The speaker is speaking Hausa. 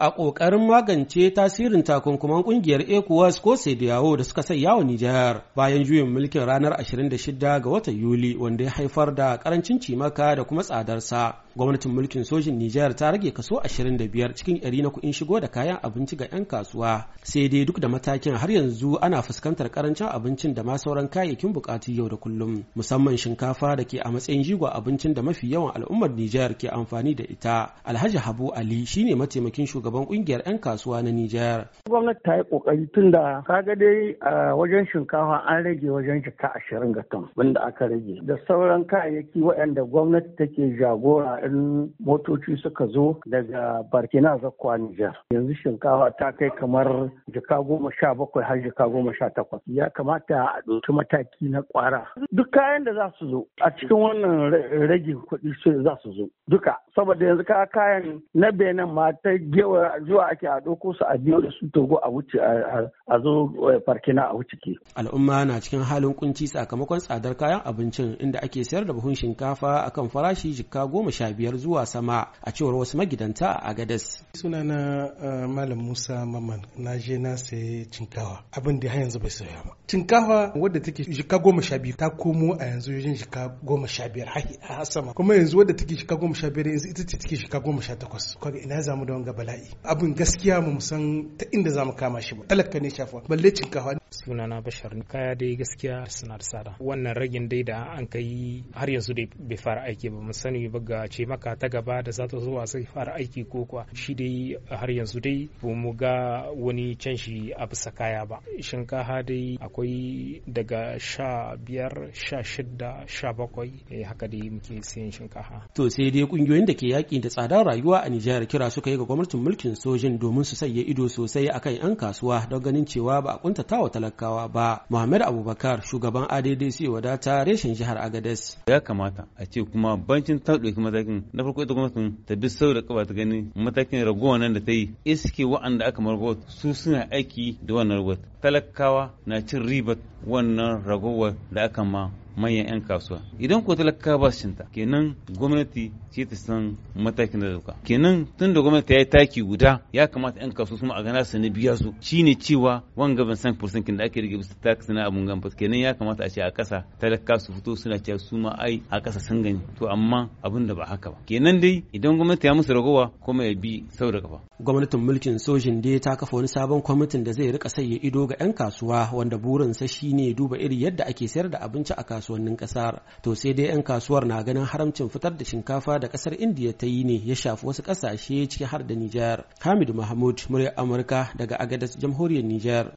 a ƙoƙarin magance tasirin takunkuman ƙungiyar ECOWAS ko Sediyawo da suka sai yawon Nijar bayan juyin mulkin ranar 26 ga watan Yuli wanda ya haifar da ƙarancin cimaka da kuma tsadarsa. gwamnatin mulkin sojin Nijar ta rage kaso 25 cikin 100 na kuɗin shigo da kayan abinci ga 'yan kasuwa sai dai duk da matakin har yanzu ana fuskantar karancin abincin da ma sauran kayayyakin bukatu yau da kullum musamman shinkafa da ke a matsayin jigo abincin da mafi yawan al'ummar Nijar ke amfani da ita Alhaji Habu Ali shine mataimakin shugaban kungiyar 'yan kasuwa na Nijar gwamnati ta yi kokari tunda kaga dai a wajen shinkafa an rage wajen jika 20 ga ton wanda aka rage da sauran kayayyaki waɗanda gwamnati take jagora in motoci suka zo daga Burkina Zakwa Nijar. Yanzu shinkafa ta kai kamar jika goma sha bakwai har jika goma sha takwas. Ya kamata a ɗauki mataki na kwara Duk kayan da za su zo a cikin wannan rage kuɗi su za su zo. Duka saboda yanzu ka kayan na benin ma ta gewa zuwa ake a ɗauko su a biyo da su togo a wuce a zo eh, Burkina a wuce ke. Al'umma na cikin halin kunci sakamakon tsadar kayan abincin inda ake sayar da buhun shinkafa akan farashi jika goma sha biyar zuwa sama a cewar wasu magidanta a gadas. Sunana uh, Malam Musa Maman na je na sayi cinkawa abin da yanzu bai sauya ba. Cinkawa wadda take shika goma sha biyu ta komo a yanzu yin shika goma sha biyar a sama kuma yanzu wadda take shika goma sha biyar yanzu ita ce take shika goma sha takwas. Kwaga ina zamu da wanga bala'i abin gaskiya mu san ta inda zamu kama shi ba talaka ne shafa balle cinkawa sunana bashar kaya dai gaskiya suna da tsada wannan ragin dai da an kai har yanzu dai bai fara aiki ba mu sani ba ga ce maka ta gaba da zata ta zo a sai fara aiki ko kuwa shi dai har yanzu dai ba mu ga wani canshi a bisa kaya ba shinkafa dai akwai daga sha biyar sha shida sha bakwai eh, haka dai muke siyan shinkafa to sai dai kungiyoyin da ke yaƙi da tsadar rayuwa a Nijar kira suka yi ga gwamnatin mulkin sojin domin su sanya ido sosai akan 'yan kasuwa don ganin cewa ba a kuntatawa talakawa ba muhammad abubakar shugaban addc wadata reshen jihar agades ya kamata a ce kuma bancin ta ɗauki matakin na farko ita gwamnatin ta bi sau da kaba ta gani matakin ragowa nan da ta yi iske wa'anda aka margo su suna aiki da wannan ragot talakawa na cin ribar wannan ragowar da aka ma manyan 'yan kasuwa idan ko talaka ba kenan gwamnati ce ta san matakin da dauka kenan tun da gwamnati ya yi taki guda ya kamata 'yan kasuwa su a gana su na biya su shine cewa wanga gaban san fursunkin da ake rige bisa tax na abun gamba kenan ya kamata a ce a kasa talaka su fito suna cewa su ma ai a kasa sun gani to amma abin da ba haka ba kenan dai idan gwamnati ya musu ragowa kuma ya bi sau da kafa gwamnatin mulkin sojin dai ta kafa wani sabon kwamitin da zai rika sanya ido ga 'yan kasuwa wanda burinsa ne duba iri yadda ake sayar da abinci a kasuwa kasuwannin kasar to sai dai 'yan kasuwar na ganin haramcin fitar da shinkafa da kasar indiya ta yi ne ya shafi wasu kasashe ciki har da nijar hamidu mahmud murya amurka daga agadas jamhuriyar nijar